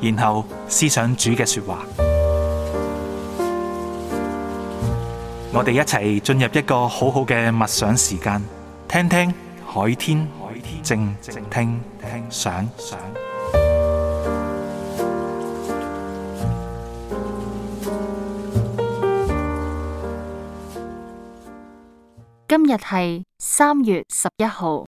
然後思想主嘅說話，我哋一齊進入一個好好嘅默想時間，聽聽海天靜靜聽想。今日係三月十一號。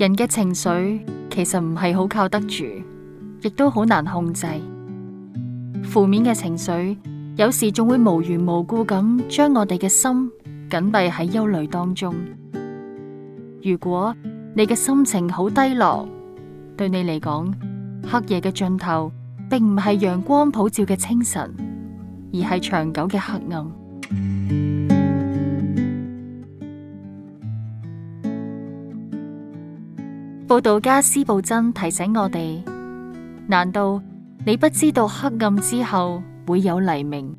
人嘅情緒其實唔係好靠得住，亦都好難控制。負面嘅情緒有時仲會無緣無故咁將我哋嘅心緊閉喺憂慮當中。如果你嘅心情好低落，對你嚟講，黑夜嘅盡頭並唔係陽光普照嘅清晨，而係長久嘅黑暗。布道家斯布真提醒我哋：難道你不知道黑暗之後會有黎明，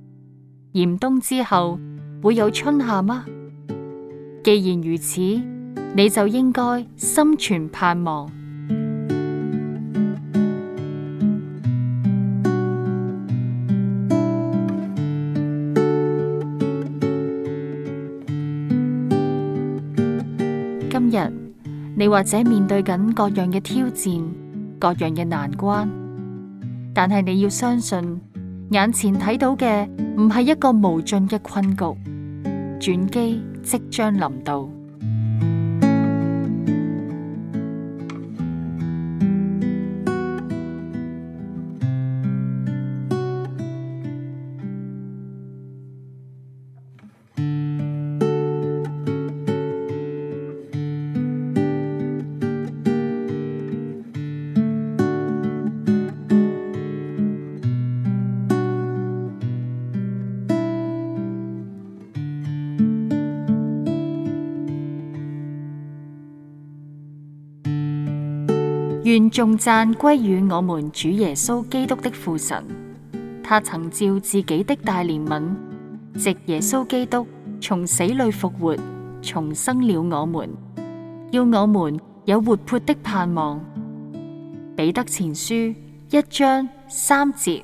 嚴冬之後會有春夏嗎？既然如此，你就應該心存盼望。今日，你或者面對緊各樣嘅挑戰、各樣嘅難關，但係你要相信，眼前睇到嘅唔係一個無盡嘅困局，轉機即將臨到。願頌讚歸於我們主耶穌基督的父神，他曾照自己的大憐憫，藉耶穌基督從死裏復活，重生了我們，要我們有活潑的盼望。彼得前書一章三節。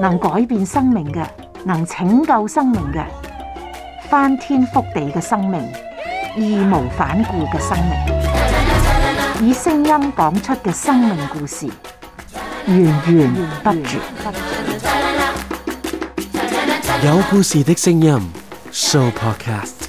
能改變生命嘅，能拯救生命嘅，翻天覆地嘅生命，義無反顧嘅生命，以聲音講出嘅生命故事，源源不絕。有故事的聲音，Show Podcast。